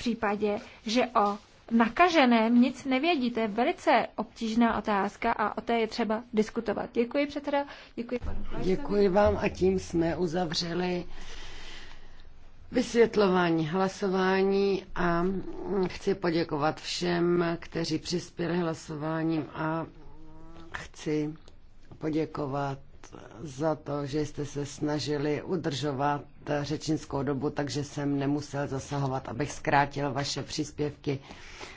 případě, že o nakaženém nic nevědí. To je velice obtížná otázka a o té je třeba diskutovat. Děkuji předseda, děkuji panu Děkuji vám a tím jsme uzavřeli vysvětlování hlasování a chci poděkovat všem, kteří přispěli hlasováním a chci poděkovat za to, že jste se snažili udržovat řečnickou dobu, takže jsem nemusel zasahovat, abych zkrátil vaše příspěvky.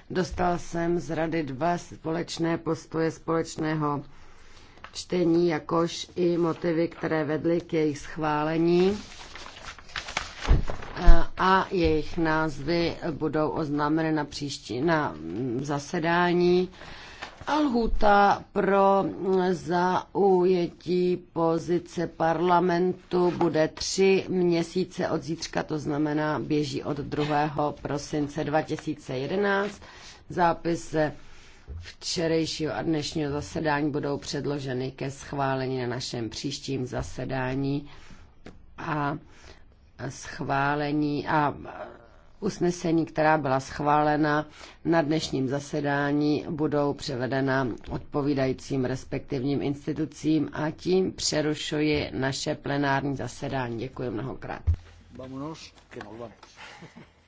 Dostal jsem z rady dva společné postoje společného čtení, jakož i motivy, které vedly k jejich schválení a jejich názvy budou oznámeny na příští na zasedání. A lhůta pro zaujetí pozice parlamentu bude tři měsíce od zítřka, to znamená běží od 2. prosince 2011. Zápis včerejšího a dnešního zasedání budou předloženy ke schválení na našem příštím zasedání a schválení a usnesení, která byla schválena na dnešním zasedání, budou převedena odpovídajícím respektivním institucím a tím přerušuji naše plenární zasedání. Děkuji mnohokrát. Vámonos, que nos vamos.